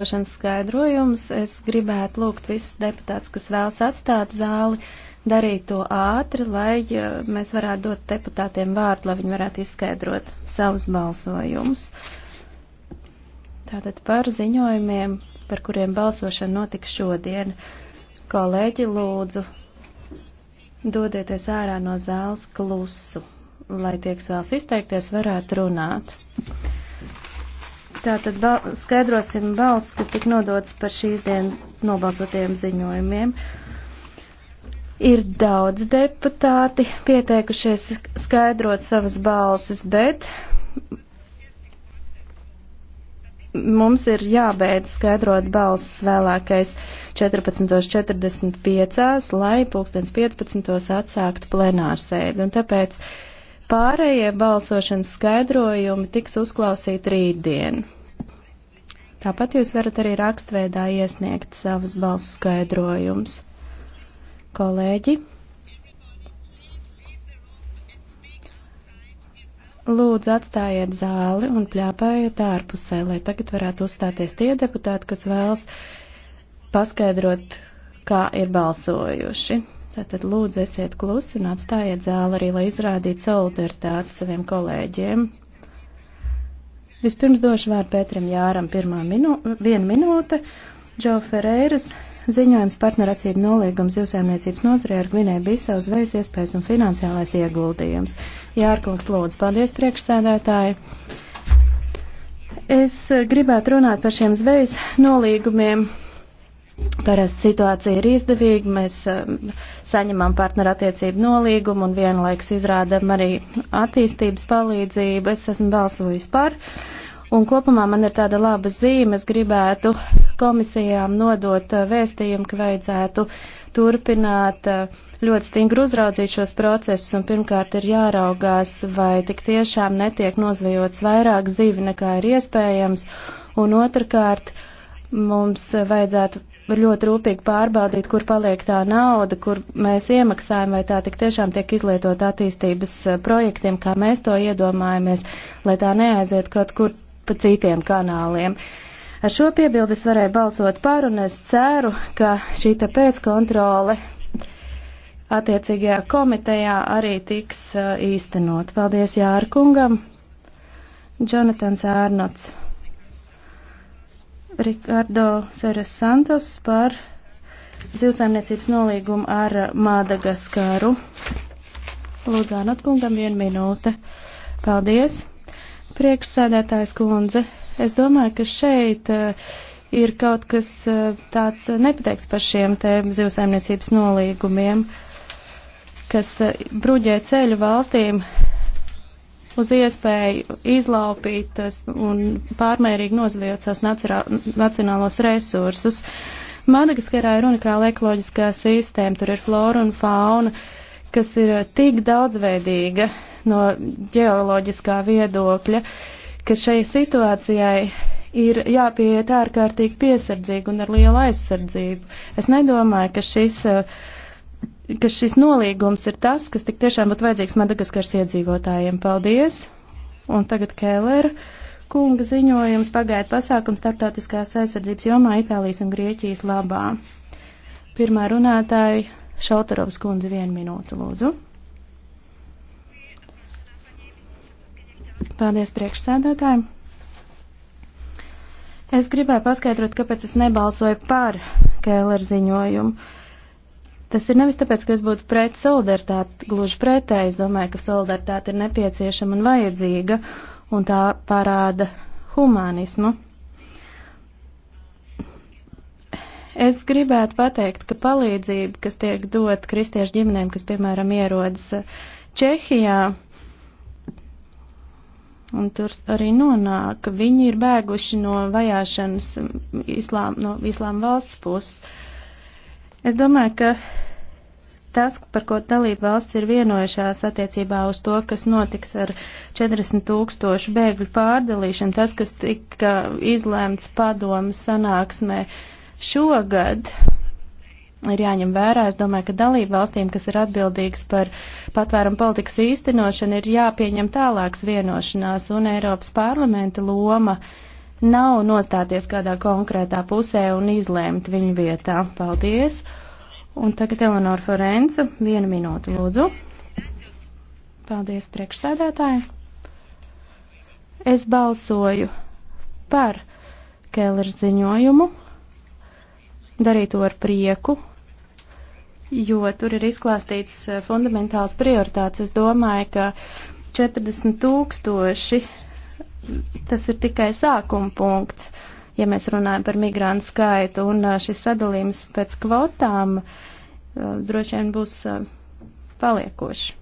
balsošanas skaidrojums. Es gribētu lūgt visus deputātus, kas vēlas atstāt zāli, darīt to ātri, lai mēs varētu dot deputātiem vārdu, lai viņi varētu izskaidrot savus balsojumus. Tātad par ziņojumiem, par kuriem balsošana notiks šodien. Kolēģi, lūdzu, dodieties ārā no zāles klusu, lai tie, kas vēlas izteikties, varētu runāt. Tātad bal skaidrosim balsts, kas tik nodots par šīs dienas nobalsotajiem ziņojumiem. Ir daudz deputāti pieteikušies skaidrot savas balsis, bet mums ir jābeidz skaidrot balsis vēlākais 14.45, lai 15.15. atsāktu plenārsēdi. Un tāpēc pārējie balsošanas skaidrojumi tiks uzklausīti rītdien. Tāpat jūs varat arī rakstveidā iesniegt savus balsu skaidrojumus. Kolēģi, lūdzu atstājiet zāli un pļāpājiet ārpusē, lai tagad varētu uzstāties tie deputāti, kas vēlas paskaidrot, kā ir balsojuši. Tātad lūdzu esiet klusi un atstājiet zāli arī, lai izrādītu solidaritāti saviem kolēģiem. Vispirms došu vārdu Pēterim Jāram pirmā minū, viena minūte. Džo Ferreiras ziņojums partneracību nolīgums zivsēmniecības nozarē ar Gvinēju Bisau zvejas iespējas un finansiālais ieguldījums. Jārkungs lūdzu, paldies priekšsēdētāji. Es gribētu runāt par šiem zvejas nolīgumiem Parasti situācija ir izdevīga, mēs um, saņemam partnerattiecību nolīgumu un vienlaikus izrādam arī attīstības palīdzību. Es esmu balsojis par. Un kopumā man ir tāda laba zīme, es gribētu komisijām nodot uh, vēstījumu, ka vajadzētu turpināt uh, ļoti stingri uzraudzīt šos procesus, un pirmkārt ir jāraugās, vai tik tiešām netiek nozvejots vairāk zīvi nekā ir iespējams, un otrkārt mums vajadzētu ļoti rūpīgi pārbaudīt, kur paliek tā nauda, kur mēs iemaksājam, vai tā tik tiešām tiek izlietot attīstības eh, projektiem, kā mēs to iedomājamies, lai tā neaiziet kaut kur pa citiem kanāliem. Ar šo piebildes varēja balsot par, un es ceru, ka šī te pēckontrole attiecīgajā komitejā arī tiks eh, īstenot. Paldies Jārkungam, Jonatans Ārnots. Rikardo Seres Santos par zivsaimniecības nolīgumu ar Madagaskaru. Lūdzu, Anatkungam, viena minūte. Paldies. Priekšsēdētājs kundze, es domāju, ka šeit eh, ir kaut kas eh, tāds nepateikts par šiem te zivsaimniecības nolīgumiem, kas eh, bruģē ceļu valstīm uz iespēju izlaupīt un pārmērīgi nozviet savus nacionālos resursus. Madagaskarā ir unikāla ekoloģiskā sistēma, tur ir flora un fauna, kas ir tik daudzveidīga no ģeoloģiskā viedokļa, ka šai situācijai ir jāpieiet ārkārtīgi piesardzīgi un ar lielu aizsardzību. Es nedomāju, ka šis uh, ka šis nolīgums ir tas, kas tik tiešām būtu vajadzīgs Madagaskars iedzīvotājiem. Paldies! Un tagad Kēlera kunga ziņojums pagaida pasākums starptautiskās aizsardzības jomā Itālijas un Grieķijas labā. Pirmā runātāja Šaltarovs kundze vienu minūtu lūdzu. Paldies priekšsēdētājiem! Es gribēju paskaidrot, kāpēc es nebalsoju par Kēlera ziņojumu Tas ir nevis tāpēc, ka es būtu pret solidaritāti, gluži pretēji, es domāju, ka solidaritāte ir nepieciešama un vajadzīga, un tā parāda humanismu. Es gribētu pateikt, ka palīdzība, kas tiek dot kristiešu ģimenēm, kas, piemēram, ierodas Čehijā, un tur arī nonāk, viņi ir bēguši no vajāšanas islām, no islām valsts puses. Es domāju, ka tas, par ko dalība valsts ir vienojušās attiecībā uz to, kas notiks ar 40 tūkstošu bēgļu pārdalīšanu, tas, kas tika izlēmts padomas sanāksmē šogad, ir jāņem vērā. Es domāju, ka dalība valstīm, kas ir atbildīgas par patvērumu politikas īstenošanu, ir jāpieņem tālāks vienošanās un Eiropas parlamenta loma. Uh, nav nostāties kādā konkrētā pusē un izlēmt viņu vietā. Paldies! Un tagad Eleonora Forenza, viena minūte lūdzu. Paldies priekšsēdētāji. Es balsoju par Kelleru ziņojumu, darīju to ar prieku, jo tur ir izklāstīts eh, fundamentāls prioritāts. Es domāju, ka 40 tūkstoši tas ir tikai sākuma punkts, ja mēs runājam par migrantu skaitu, un šis sadalījums pēc kvotām droši vien būs paliekošs.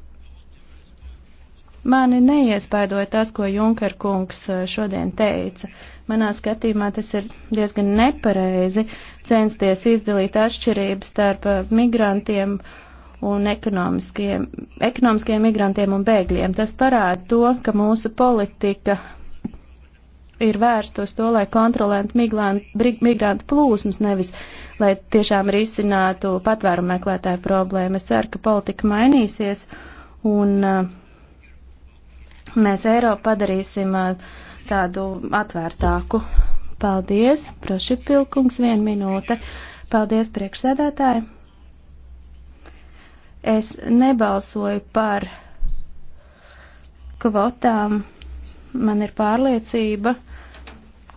Mani neiespaidoja tas, ko Junker kungs šodien teica. Manā skatījumā tas ir diezgan nepareizi censties izdalīt atšķirības starp migrantiem un ekonomiskiem, ekonomiskiem migrantiem un bēgļiem. Tas parāda to, ka mūsu politika ir vērsta uz to, lai kontrolētu migrantu plūsmas, nevis lai tiešām risinātu patvērumu meklētāju problēmu. Es ceru, ka politika mainīsies un uh, mēs Eiropu padarīsim uh, tādu atvērtāku. Paldies, Prošipilkungs, viena minūte. Paldies, priekšsēdētāji. Es nebalsoju par kvotām man ir pārliecība,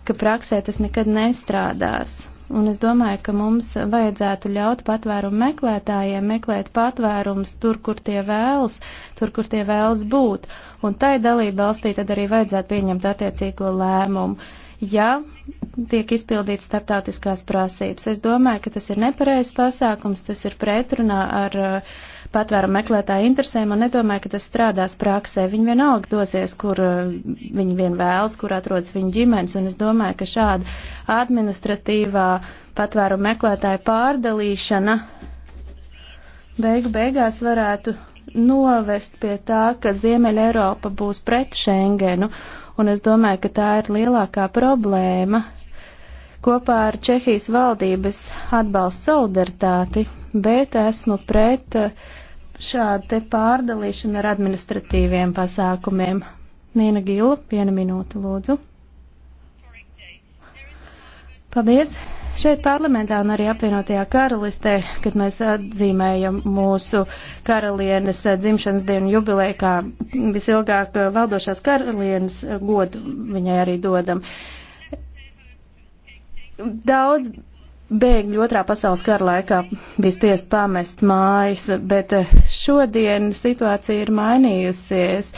ka praksē tas nekad nestrādās. Un es domāju, ka mums vajadzētu ļaut patvērumu meklētājiem meklēt patvērumus tur, kur tie vēlas, tur, kur tie vēlas būt. Un tai dalība valstī tad arī vajadzētu pieņemt attiecīgo lēmumu. Ja tiek izpildīts starptautiskās prasības, es domāju, ka tas ir nepareizs pasākums, tas ir pretrunā ar uh, patvēru meklētāju interesēm un nedomāju, ka tas strādās praksē. Viņi vienalga dosies, kur uh, viņi vien vēlas, kur atrodas viņa ģimenes, un es domāju, ka šāda administratīvā patvēru meklētāju pārdalīšana beigu beigās varētu novest pie tā, ka Ziemeļa Eiropa būs pret Schengenu, un es domāju, ka tā ir lielākā problēma. Kopā ar Čehijas valdības atbalstu solidaritāti, bet esmu pret uh, šāda te pārdalīšana ar administratīviem pasākumiem. Nīna Gila, viena minūte, lūdzu. Paldies! Šeit parlamentā un arī apvienotajā karalistē, kad mēs atzīmējam mūsu karalienes dzimšanas dienu jubilē, kā visilgāk valdošās karalienes godu viņai arī dodam. Daudz bēgļi otrā pasaules kara laikā bija spiest pamest mājas, bet eh, šodien situācija ir mainījusies.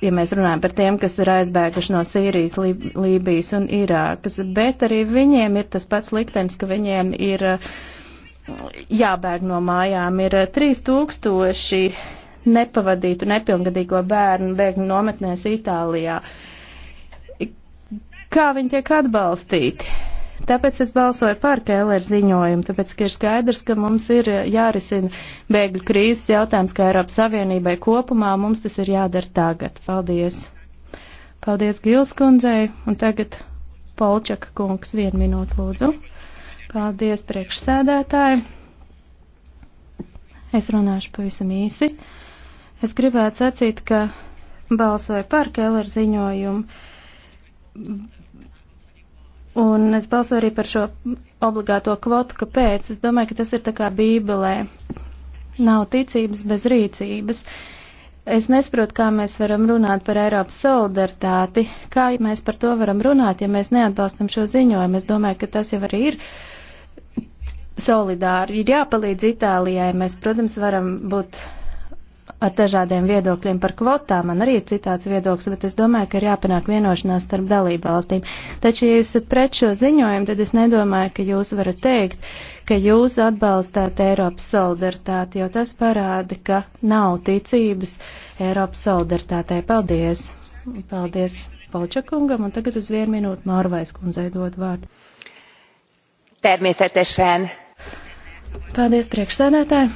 Ja mēs runājam par tiem, kas ir aizbēguši no Sīrijas, Lib Lībijas un Irākas, bet arī viņiem ir tas pats liktenis, ka viņiem ir eh, jābēg no mājām. Ir 3000 eh, nepavadītu nepilngadīgo bērnu bēgļu nometnēs Itālijā. Kā viņi tiek atbalstīti? Tāpēc es balsoju par Kēlēra ziņojumu, tāpēc, ka ir skaidrs, ka mums ir jārisina bēgļu krīzes jautājums, kā Eiropas Savienībai kopumā, mums tas ir jādara tagad. Paldies! Paldies Gils kundzei, un tagad Polčaka kungs vienu minūtu lūdzu. Paldies priekšsēdētāji. Es runāšu pavisam īsi. Es gribētu sacīt, ka balsoju par Kēlēra ziņojumu Un es balsoju arī par šo obligāto kvotu, kāpēc. Es domāju, ka tas ir tā kā bībelē. Nav ticības bez rīcības. Es nesaprotu, kā mēs varam runāt par Eiropas solidaritāti, kā mēs par to varam runāt, ja mēs neatbalstam šo ziņojumu. Es domāju, ka tas jau arī ir solidāri. Ir jāpalīdz Itālijai. Mēs, protams, varam būt ar dažādiem viedokļiem par kvotām. Man arī ir citāds viedoklis, bet es domāju, ka ir jāpanāk vienošanās starp dalību valstīm. Taču, ja jūs esat pret šo ziņojumu, tad es nedomāju, ka jūs varat teikt, ka jūs atbalstāt Eiropas solidaritāti, jo tas parāda, ka nav ticības Eiropas solidaritātei. Paldies! Paldies Palčakungam, un tagad uz vienu minūtu Mārvais kundzei dod vārdu. Természetesen. Paldies priekšsēdētāji.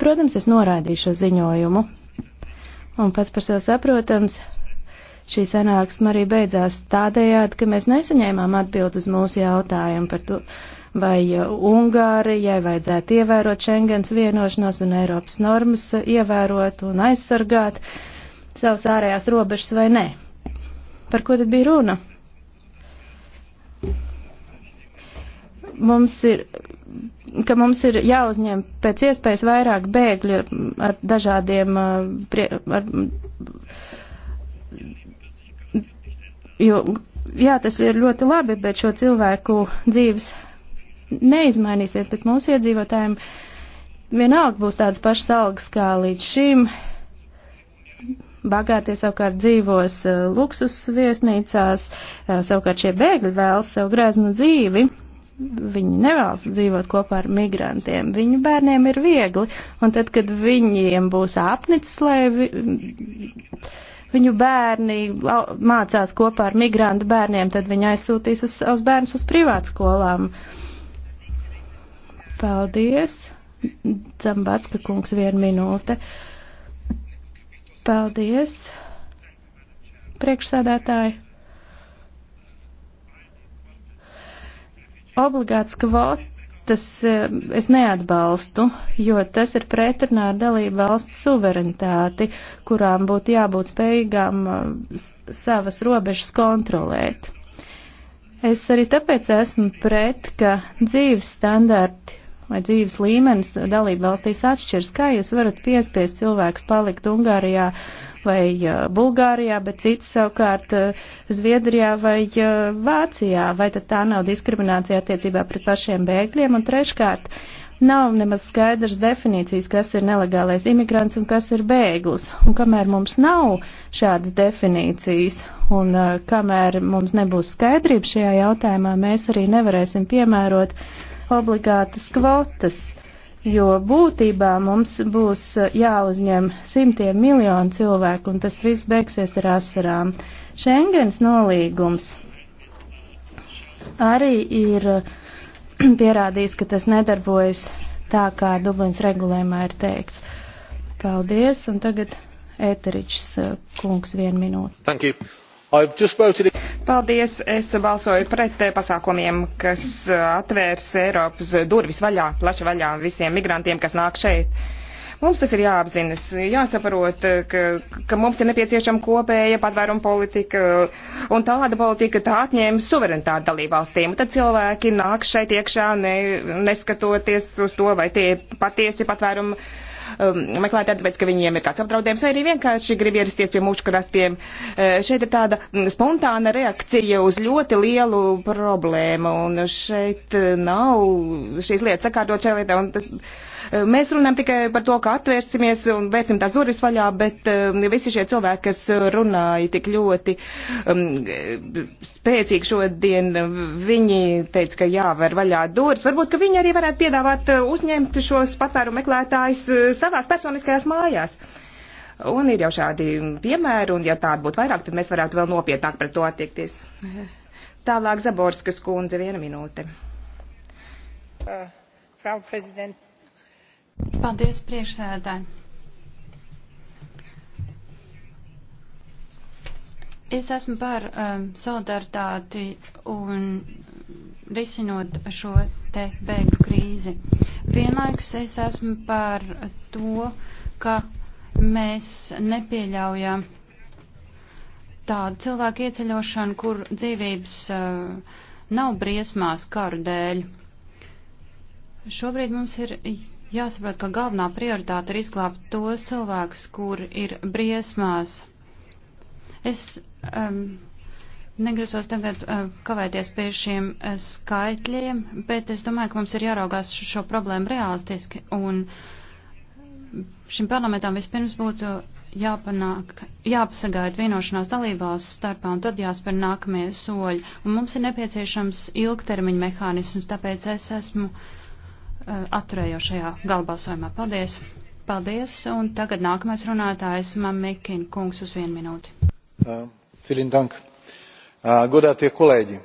Protams, es noraidīju šo ziņojumu. Un pats par sevi saprotams, šī sanāksme arī beidzās tādējādi, ka mēs nesaņēmām atbildi uz mūsu jautājumu par to, vai uh, Ungārijai vajadzētu ievērot Schengens vienošanos un Eiropas normas uh, ievērot un aizsargāt savas ārējās robežas vai nē. Par ko tad bija runa? Mums ir ka mums ir jāuzņem pēc iespējas vairāk bēgļu ar dažādiem, uh, ar, jo, jā, tas ir ļoti labi, bet šo cilvēku dzīves neizmainīsies, bet mūsu iedzīvotājiem vienalga būs tādas pašas algas kā līdz šim. Bagātie savukārt dzīvos uh, luksus viesnīcās, uh, savukārt šie bēgļi vēlas sev greznu dzīvi viņi nevēlas dzīvot kopā ar migrantiem. Viņu bērniem ir viegli, un tad, kad viņiem būs apnicis, lai vi, viņu bērni mācās kopā ar migrantu bērniem, tad viņi aizsūtīs uz, uz bērnus uz privātskolām. Paldies! Dzambatska kungs, viena minūte. Paldies! Priekšsādātāji! Obligāts kvotas eh, es neatbalstu, jo tas ir pretrunā ar dalību valsts suverenitāti, kurām būtu jābūt spējīgām eh, savas robežas kontrolēt. Es arī tāpēc esmu pret, ka dzīves standarti vai dzīves līmenis dalību valstīs atšķirs. Kā jūs varat piespiest cilvēkus palikt Ungārijā vai uh, Bulgārijā, bet cits savukārt uh, Zviedrijā vai uh, Vācijā? Vai tad tā nav diskriminācija attiecībā pret pašiem bēgļiem? Un treškārt, nav nemaz skaidrs definīcijas, kas ir nelegālais imigrants un kas ir bēglis. Un kamēr mums nav šādas definīcijas un uh, kamēr mums nebūs skaidrība šajā jautājumā, mēs arī nevarēsim piemērot uh, obligātas kvotas, jo būtībā mums būs eh, jāuzņem simtiem miljonu cilvēku, un tas viss beigsies ar asarām. Šengens nolīgums arī ir pierādījis, ka tas nedarbojas tā, kā Dublins regulējumā ir teikts. Paldies, un tagad Eteričs eh, kungs vienu minūti. Thank you. Paldies! Es balsoju pret pasākumiem, kas atvērs Eiropas durvis vaļā, plaši vaļā visiem migrantiem, kas nāk šeit. Mums tas ir jāapzinas, jāsaprot, ka, ka mums ir nepieciešama kopēja patvērum politika un tāda politika tā atņēma suverenitāti dalībvalstīm. Tad cilvēki nāk šeit iekšā, ne, neskatoties uz to, vai tie patiesi patvērumu um, meklētāji, tāpēc, ka viņiem ir kāds apdraudējums, vai arī vienkārši grib ierasties pie mūsu krastiem. Uh, šeit ir tāda mm, spontāna reakcija uz ļoti lielu problēmu, un šeit uh, nav šīs lietas sakārtot šajā lietā. Eh, mēs runājam tikai par to, ka atvērsimies un veicam tās durvis vaļā, bet eh, visi šie cilvēki, kas runāja tik ļoti um, spēcīgi šodien, viņi teica, ka jāver vaļā durvis. Varbūt, ka viņi arī varētu piedāvāt eh, uzņemt šos patvēru meklētājus savās personiskajās mājās. Un ir jau šādi piemēri, un ja tādu būtu vairāk, tad mēs varētu vēl nopietnāk pret to attiekties. Tālāk Zaborskas kundze, viena minūte. Uh, Frau Präsident, Paldies, priekšsēdētāji. Es esmu par um, solidaritāti un risinot šo te bēgļu krīzi. Vienlaikus es esmu par to, ka mēs nepieļaujam tādu cilvēku ieceļošanu, kur dzīvības uh, nav briesmās karu dēļ. Šobrīd mums ir Jāsaprot, ka galvenā prioritāte ir izglābt tos cilvēkus, kur ir briesmās. Es um, negrasos tagad uh, kavēties pie šiem uh, skaitļiem, bet es domāju, ka mums ir jāraugās šo, šo problēmu realistiski. Un šim parlamentam vispirms būtu jāpanāk, jāpasagaida vienošanās dalībās starpā, un tad jāspēr nākamie soļi. Un mums ir nepieciešams ilgtermiņa mehānisms, tāpēc es esmu Eh, atturējos šajā galbalsojumā. Paldies! Paldies! Un tagad nākamais runātājs Mamikina kungs uz vienu minūti. Uh, uh, Godātie kolēģi,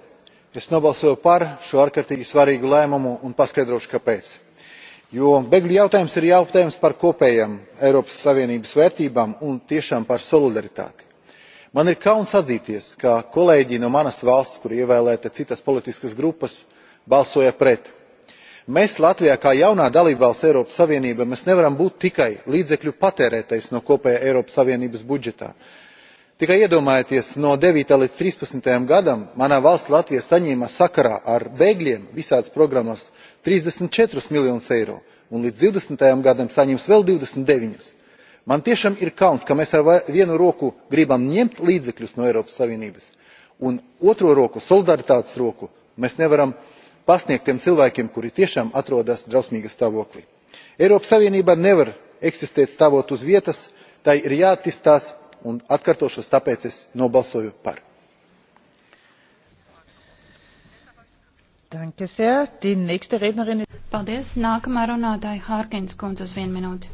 es nobalsoju par šo ārkārtīgi svarīgu lēmumu un paskaidrošu, kāpēc jo bēgļu jautājums ir jautājums par kopējām eiropas savienības vērtībām un tiešām par solidaritāti. man ir kauns atzīties ka kolēģi no manas valsts kur ievēlēta citas politiskas grupas balsoja pret mēs latvijā kā jaunā dalībvalsts eiropas savienībā nevaram būt tikai līdzekļu patērētājs no kopējā eiropas savienības budžeta. tikai iedomājieties no. nine līdz. thirteen gadam mana valsts latvija saņēma sakarā ar bēgļiem visādas programmas trīsdesmit četrus miljonus eiro un līdz divdesmitajam gadam saņems vēl divdesmit deviņus. man tiešām ir kauns ka mēs ar vienu roku gribam ņemt līdzekļus no eiropas savienības un otru roku solidaritātes roku mēs nevaram pasniegt tiem cilvēkiem kuri tiešām atrodas drausmīgā stāvoklī. eiropas savienība nevar eksistēt stāvot uz vietas tai ir jāattīstās un atkārtošos tāpēc es nobalsoju par. Paldies. Nākamā runātāja Hārkins kundze uz vienu minūti.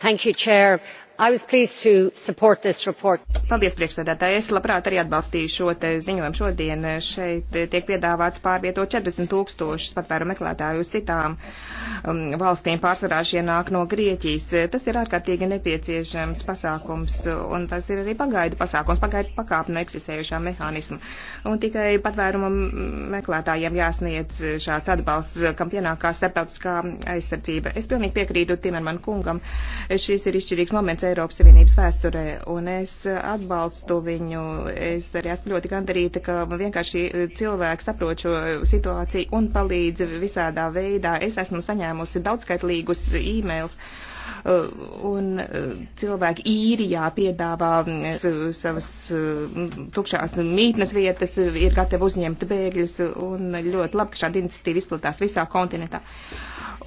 Thank you, Chair. Paldies, priekšsēdētāji. Es labprāt arī atbalstīju šo te ziņojumu šodien. Eh, šeit eh, tiek piedāvāts pārvietot 40 tūkstošus patvēru meklētāju uz citām um, valstīm. Pārsvarā šie nāk no Grieķijas. Tas ir ārkārtīgi nepieciešams pasākums, un tas ir arī pagaidu pasākums, pagaidu pakāpnu eksistējušā mehānismu. Un tikai patvērumu meklētājiem jāsniedz šāds atbalsts, kam pienākās starptautiskā aizsardzība. Es pilnīgi piekrītu Timerman kungam. Šis ir izšķirīgs moments punkts Eiropas Savienības vēsturē, un es atbalstu viņu. Es arī esmu ļoti gandarīta, ka vienkārši cilvēki saprot šo situāciju un palīdz visādā veidā. Es esmu saņēmusi daudzskaitlīgus e-mails. Uh, Uh, un uh, cilvēki īrijā piedāvā mm, savas mm, tukšās mītnes vietas, ir gatavi uzņemt bēgļus, un ļoti labi, ka šāda iniciatīva izplatās visā kontinentā.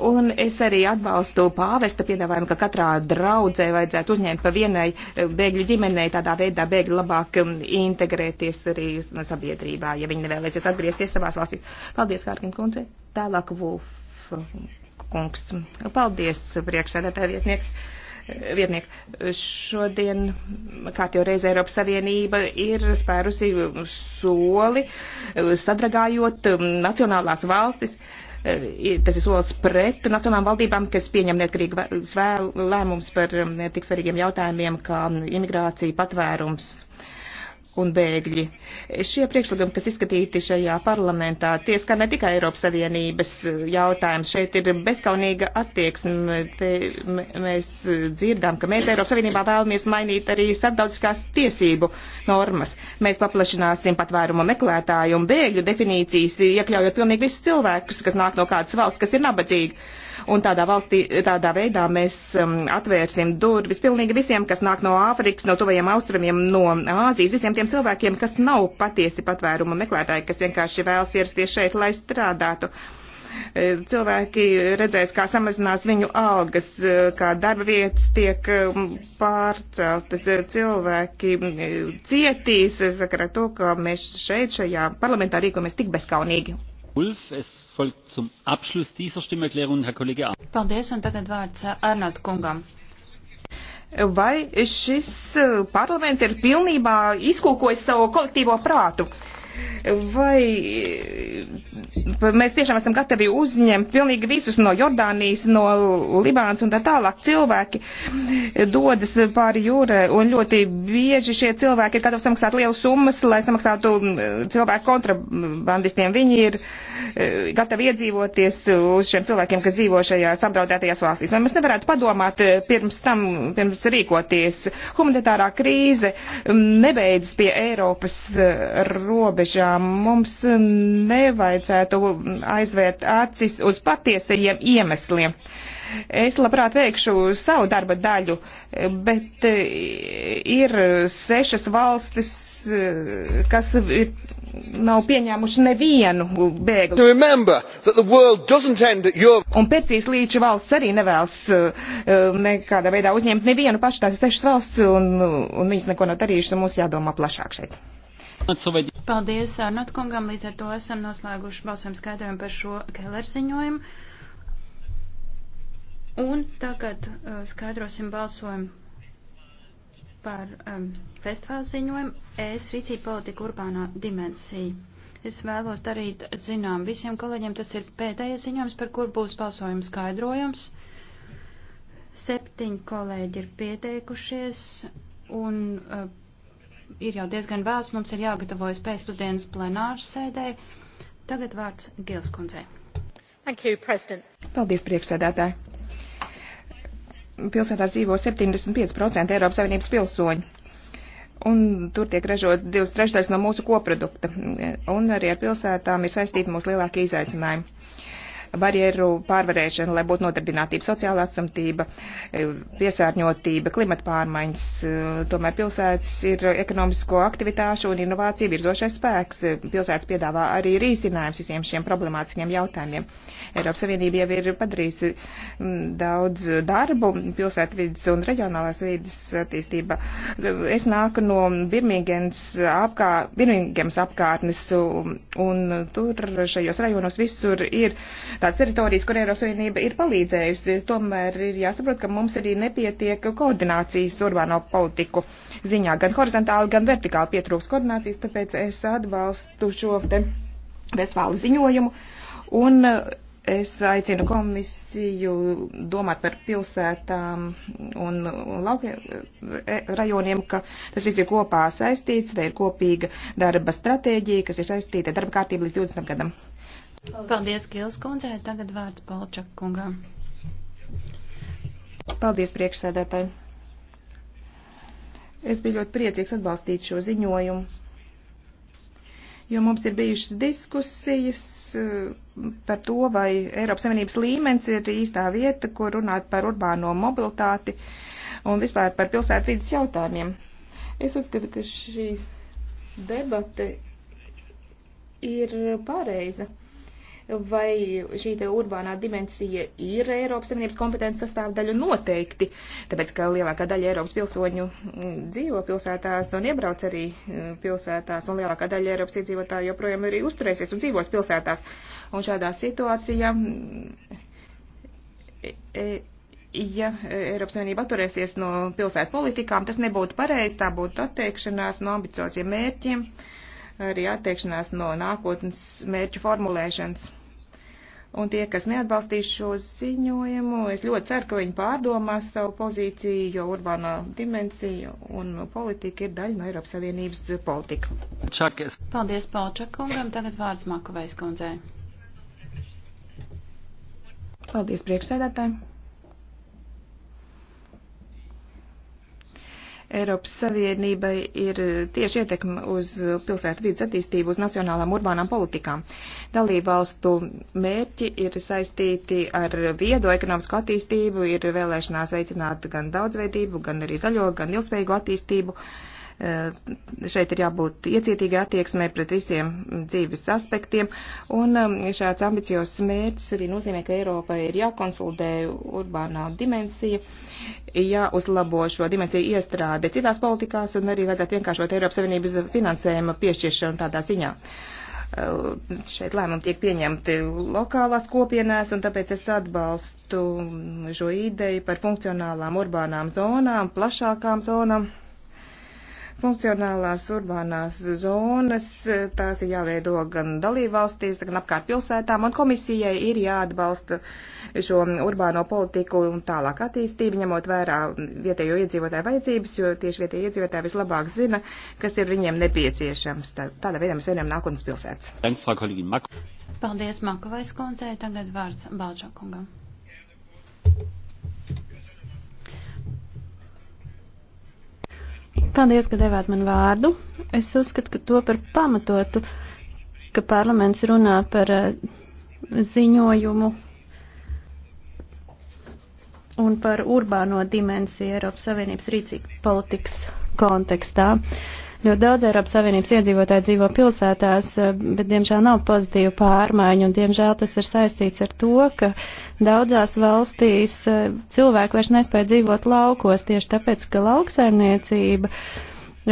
Un es arī atbalstu pāvesta piedāvājumu, ka katrā draudzē vajadzētu uzņemt pa vienai uh, bēgļu ģimenei, tādā veidā bēgļi labāk um, integrēties arī sabiedrībā, ja viņi nevēlēsies atgriezties savās valstīs. Paldies, Kārkim kundze. Tālāk Vulf kungs. Paldies, priekšsēdētāja vietnieks. Vietniek, šodien, kā jau reiz Eiropas Savienība ir spērusi soli, sadragājot nacionālās valstis, tas ir solis pret nacionālām valdībām, kas pieņem neatkarīgi lēmums par tik svarīgiem jautājumiem kā imigrācija, patvērums. Uh, un bēgļi. Šie priekšlikumi, kas izskatīti šajā parlamentā, tie skar ne tikai Eiropas Savienības eh, jautājums. Šeit ir bezkaunīga attieksme. Te mēs dzirdām, ka mēs Eiropas Savienībā vēlamies mainīt arī starptautiskās tiesību normas. Mēs paplašināsim patvērumu meklētāju un bēgļu definīcijas, iekļaujot pilnīgi visus cilvēkus, kas nāk no kādas valsts, kas ir nabadzīgi un tādā, valstī, tādā veidā mēs um, atvērsim durvis pilnīgi visiem, kas nāk no Āfrikas, no tuvajiem austrumiem, no Āzijas, visiem tiem cilvēkiem, kas nav patiesi patvēruma meklētāji, kas vienkārši vēlas ierasties šeit, lai strādātu e, cilvēki redzēs, kā samazinās viņu algas, e, kā darba vietas tiek um, pārceltas, e, cilvēki cietīs, sakarā to, ka mēs šeit šajā parlamentā rīkojamies tik bezkaunīgi. Ulf, es folgt zum Abschluss dieser Stimmerklärung Herr Kollege Arnold. Paldies, un tagad vārds eh, Arnold kungam. Vai šis eh, parlaments ir pilnībā izkūkojis savu kolektīvo prātu? Uh, vai eh, mēs tiešām esam gatavi uzņemt pilnīgi visus no Jordānijas, no Libānas un tā tālāk. Cilvēki dodas pāri jūrai un ļoti bieži šie cilvēki ir gatavi samaksāt lielas summas, lai samaksātu mm, cilvēku kontrabandistiem. Viņi ir eh, gatavi iedzīvoties uz šiem cilvēkiem, kas dzīvo šajās apdraudētajās valstīs. Vai mēs nevarētu padomāt eh, pirms tam, pirms rīkoties? Humanitārā krīze mm, nebeidzas pie Eiropas robežas robežām. Mums nevajadzētu aizvērt acis uz patiesajiem iemesliem. Es labprāt veikšu savu darba daļu, bet e, ir sešas valstis, e, kas nav pieņēmuši nevienu bēgli. Un Persijas līča valsts arī nevēlas e, nekādā veidā uzņemt nevienu pašu tās sešas valsts, un, un viņas neko nav darījušas, un mums jādomā plašāk šeit. Paldies Arnotkungam, līdz ar to esam noslēguši balsojumu skaidrojumu par šo Keller ziņojumu. Un tagad uh, skaidrosim balsojumu par um, festivālu ziņojumu ES rīcība politika urbānā dimensija. Es vēlos darīt zinām visiem kolēģiem, tas ir pēdējais ziņojums, par kur būs balsojums skaidrojums. Septiņi kolēģi ir pieteikušies un uh, ir jau diezgan vēls, mums ir jāgatavojas pēcpusdienas plenāru sēdē. Tagad vārds Gils kundzei. Paldies, priekšsēdētāji. Pilsētā dzīvo 75% Eiropas Savienības pilsoņu un tur tiek ražot divas trešdaļas no mūsu koprodukta. Un arī ar pilsētām ir saistīti mūsu lielākie izaicinājumi barjeru pārvarēšana, lai būtu nodarbinātība, sociālā atstumtība, e, piesārņotība, klimata pārmaiņas. E, Tomēr pilsētas ir ekonomisko aktivitāšu un inovāciju virzošais spēks. E, pilsētas piedāvā arī risinājums visiem šiem problemātiskiem jautājumiem. Eiropas Savienība jau ir padarījusi daudz darbu pilsētvidas un reģionālās vidas attīstībā. Es nāku no Birmingems, apkā, Birmingems apkārtnes un tur šajos rajonos visur ir tādas teritorijas, kur Eiropas Savienība ir palīdzējusi. Tomēr ir jāsaprot, ka mums arī nepietiek koordinācijas urbāno politiku ziņā. Gan horizontāli, gan vertikāli pietrūks koordinācijas, tāpēc es atbalstu šo te Vestfālu ziņojumu. Un eh, es aicinu komisiju domāt par pilsētām un lauka eh, rajoniem, ka tas viss ir kopā saistīts, te ir kopīga darba stratēģija, kas ir saistīta darba kārtība līdz 20 gadam. Paldies, Gils kundzē. Tagad vārds Polčak kungam. Paldies, priekšsēdētāji. Es biju ļoti priecīgs atbalstīt šo ziņojumu, jo mums ir bijušas diskusijas eh, par to, vai Eiropas Savienības līmenis ir īstā vieta, kur runāt par urbāno mobilitāti un vispār par pilsētu vidas jautājumiem. Es uzskatu, ka šī debate ir pareiza vai šī urbānā dimensija ir Eiropas Savienības kompetences sastāvdaļa noteikti, tāpēc, ka lielākā daļa Eiropas pilsoņu mm, dzīvo pilsētās un iebrauc arī mm, pilsētās, un lielākā daļa Eiropas iedzīvotāju joprojām arī uzturēsies un dzīvos pilsētās. Un šādā situācijā, mm, e, e, ja Eiropas Savienība atturēsies no pilsētu politikām, tas nebūtu pareizi, tā būtu atteikšanās no ambicioziem mērķiem. Uh, arī attiekšanās no nākotnes mērķu formulēšanas. Un tie, kas neatbalstīs šo ziņojumu, es ļoti ceru, ka viņi pārdomās savu pozīciju, jo urbānā dimensija un politika ir daļa no Eiropas Savienības politika. Čakies. Paldies Palčakungam, tagad vārds Makovais kundzei. Paldies priekšsēdētājiem. Eiropas Savienībai ir tieši ietekme uz pilsētu vidas attīstību, uz nacionālām urbānām politikām. Dalībvalstu mērķi ir saistīti ar viedo ekonomisko attīstību, ir vēlēšanās veicināt gan daudzveidību, gan arī zaļo, gan ilgspējīgu attīstību. Uh, Eh, šeit ir jābūt iecietīgai attieksmē pret visiem dzīves aspektiem, un um, šāds ambiciozs mērķis arī nozīmē, ka Eiropai ir jākonsolidē urbānā dimensija, jāuzlabo šo dimensiju iestrāde citās politikās, un arī vajadzētu vienkāršot Eiropas Savienības finansējuma piešķiršanu tādā ziņā eh, šeit lēmumi tiek pieņemti lokālās kopienās, un tāpēc es atbalstu šo ideju par funkcionālām urbānām zonām, plašākām zonām. Funkcionālās urbānās zonas, tās ir jāveido gan dalībvalstīs, gan apkārt pilsētām, un komisijai ir jāatbalsta šo urbāno politiku un tālāk attīstību, ņemot vērā vietējo iedzīvotāju vajadzības, jo tieši vietējie iedzīvotāji vislabāk zina, kas ir viņiem nepieciešams. Tādā veidā mēs vienam nākotnes pilsētas. Paldies, Makovais kundzei. Tagad vārds Balčakungam. Paldies, ka devāt man vārdu. Es uzskatu, ka to par pamatotu, ka parlaments runā par eh, ziņojumu un par urbāno dimensiju Eiropas Savienības rīcību politikas kontekstā. Uh, Ļoti daudz Eiropas Savienības iedzīvotāji dzīvo pilsētās, eh, bet diemžēl nav pozitīvu pārmaiņu, un diemžēl tas ir saistīts ar to, ka daudzās valstīs eh, cilvēki vairs nespēja dzīvot laukos tieši tāpēc, ka lauksaimniecība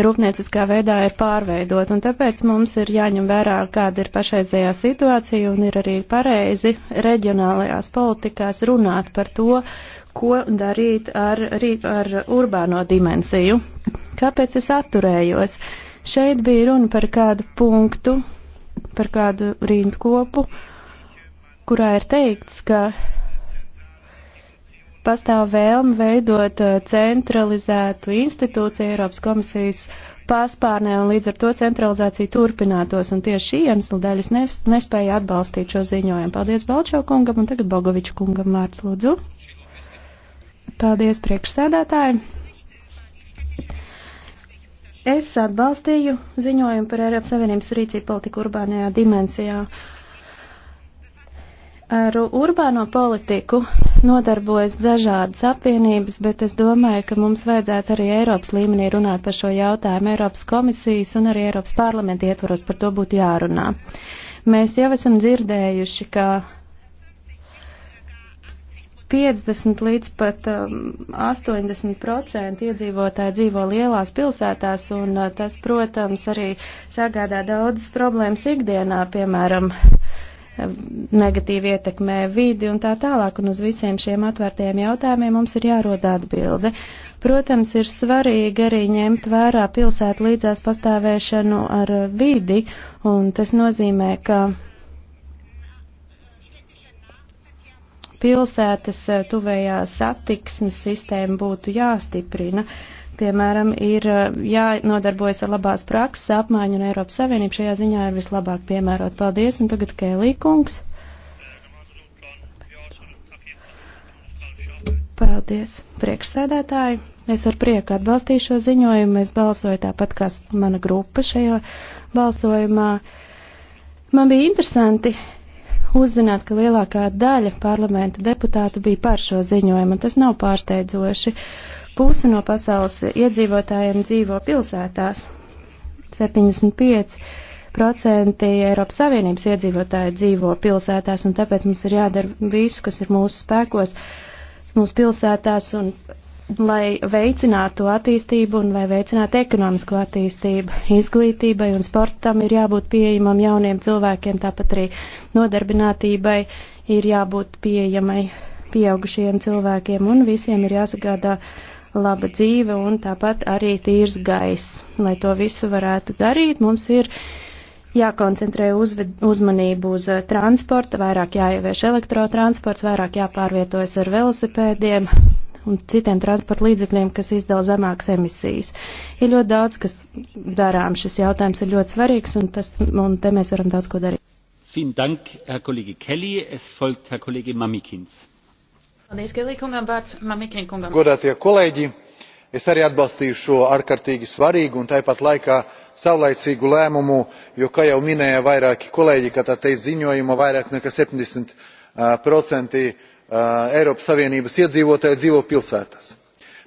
rūpnieciskā veidā ir pārveidot, un tāpēc mums ir jāņem vērā, kāda ir pašreizējā situācija, un ir arī pareizi reģionālajās politikās runāt par to, ko darīt ar, ar urbāno dimensiju. Kāpēc es atturējos? Šeit bija runa par kādu punktu, par kādu rindkopu, kurā ir teikts, ka pastāv vēlme veidot eh, centralizētu institūciju Eiropas komisijas paspārnē, un līdz ar to centralizācija turpinātos, un tieši šī iemesla dēļ es nespēju atbalstīt šo ziņojumu. Paldies Balčo kungam, un tagad Bogoviču kungam vārds lūdzu. Paldies priekšsēdētāji. Es atbalstīju ziņojumu par Eiropas Savienības rīcību politiku urbānajā dimensijā. Ar urbāno politiku nodarbojas dažādas apvienības, bet es domāju, ka mums vajadzētu arī Eiropas līmenī runāt par šo jautājumu Eiropas komisijas un arī Eiropas parlamenta ietvaros par to būtu jārunā. Mēs jau esam dzirdējuši, ka 50 līdz pat um, 80% iedzīvotāji dzīvo lielās pilsētās, un uh, tas, protams, arī sagādā daudzas problēmas ikdienā, piemēram, um, negatīvi ietekmē vidi un tā tālāk, un uz visiem šiem atvērtajiem jautājumiem mums ir jārod atbilde. Protams, ir svarīgi arī ņemt vērā pilsētu līdzās pastāvēšanu ar uh, vidi, un tas nozīmē, ka pilsētas eh, tuvējā satiksmes sistēma būtu jāstiprina. Piemēram, ir eh, jānodarbojas ar labās prakses apmaiņu, un Eiropas Savienība šajā ziņā ir vislabāk piemērot. Paldies, un tagad Kēlī kungs. Paldies, priekšsēdētāji. Es ar prieku atbalstīšu šo ziņojumu. Es balsoju tāpat kā mana grupa šajā balsojumā. Man bija interesanti uzzināt, ka lielākā daļa parlamenta deputātu bija par šo ziņojumu, un tas nav pārsteidzoši. Puse no pasaules iedzīvotājiem dzīvo pilsētās. 75 procenti Eiropas Savienības iedzīvotāji dzīvo pilsētās, un tāpēc mums ir jādara visu, kas ir mūsu spēkos, mūsu pilsētās un lai veicinātu attīstību un lai veicinātu ekonomisko attīstību. Izglītībai un sportam ir jābūt pieejamam jauniem cilvēkiem, tāpat arī nodarbinātībai ir jābūt pieejamai pieaugušiem cilvēkiem un visiem ir jāsagādā laba dzīve un tāpat arī tīrs gaiss. Lai to visu varētu darīt, mums ir jākoncentrē uzved, uzmanību uz eh, transporta, vairāk jāievieš elektrotransports, vairāk jāpārvietojas ar velosipēdiem, un citiem transporta līdzekļiem, kas izdala zemākas emisijas. Ir ļoti daudz, kas darām. Šis jautājums ir ļoti svarīgs, un, tas, un te mēs varam daudz ko darīt. Vielen Dank, Herr Kollege Kelly. Es folgt Herr Kollege Mamikins. Paldies, Kelly kungam, vārds Mamikina kungam. Godātie kolēģi, es arī atbalstīju šo ārkārtīgi svarīgu un tāpat laikā saulaicīgu lēmumu, jo, kā jau minēja vairāki kolēģi, ka tā teikt ziņojuma vairāk nekā 70 procenti uh, Uh, eiropas savienības iedzīvotāji dzīvo pilsētās.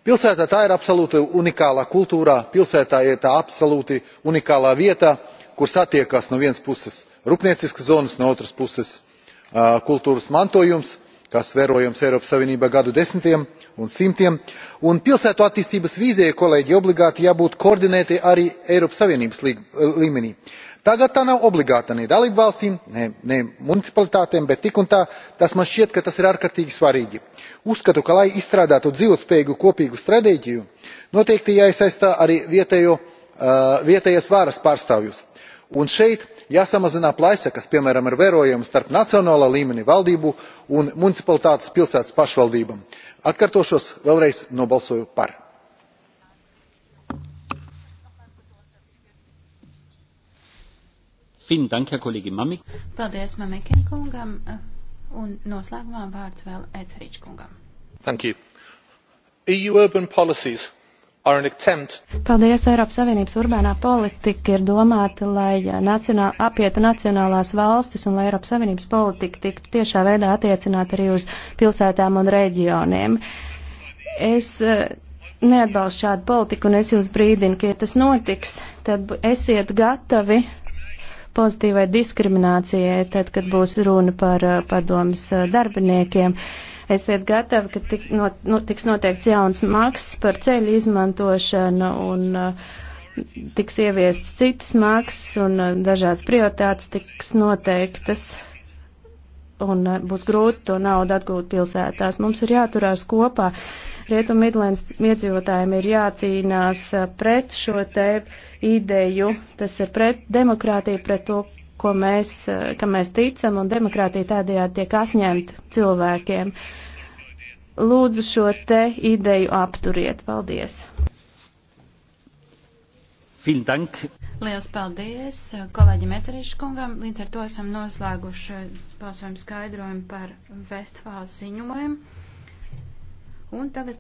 pilsēta tā ir absolūti unikālā kultūrā pilsēta ir tā absolūti unikālā vieta kur satiekas no vienas puses rūpnieciskas zonas no otras puses uh, kultūras mantojums kas vērojams eiropas savienībā gadu desmitiem un simtiem un pilsētu attīstības vīzijai kolēģi obligāti jābūt koordinētai arī eiropas savienības uh, līmenī tagad tā nav obligāta ne dalībvalstīm ne municipalitātēm bet tik un tā tas man šķiet ka tas ir ārkārtīgi svarīgi. uzskatu ka lai izstrādātu dzīvotspējīgu kopīgu stratēģiju noteikti jāiesaista arī vietējās varas pārstāvjus un šeit jāsamazina plaisa kas piemēram ir vērojama starp nacionālā līmeņa valdību un municipalitātes pilsētas pašvaldībām. atkārtošos vēlreiz nobalsoju par. Dank, Paldies Mamikin kungam un noslēgumā vārds vēl Eterič kungam. Thank you. EU urban policies are an attempt. Paldies Eiropas Savienības urbānā politika ir domāta, lai nacionāl, apietu nacionālās valstis un lai Eiropas Savienības politika tiktu tiešā veidā attiecināta arī uz pilsētām un reģioniem. Es e, neatbalstu šādu politiku un es jūs brīdinu, ka ja tas notiks, tad esiet gatavi pozitīvai diskriminācijai, tad, kad būs runa par eh, padomas eh, darbiniekiem. Esiet gatavi, ka tik, not, nu, tiks noteikts jauns maksas par ceļu izmantošanu un eh, tiks ieviests citas maksas un dažādas prioritātes tiks noteiktas un būs grūti to naudu atgūt pilsētās. Mums ir jāturās kopā. Uh, Rietumu Midlands iedzīvotājiem ir jācīnās eh, pret šo te ideju, tas ir pret demokrātiju, pret to, ko mēs, eh, kam mēs ticam, un demokrātija tādējādi tiek atņemta cilvēkiem. Lūdzu šo te ideju apturiet. Paldies! Dank. Liels paldies eh, kolēģim Eteriškungam. Līdz ar to esam noslēguši balsojumu skaidrojumu par Vestfāles ziņojumu. Un tagad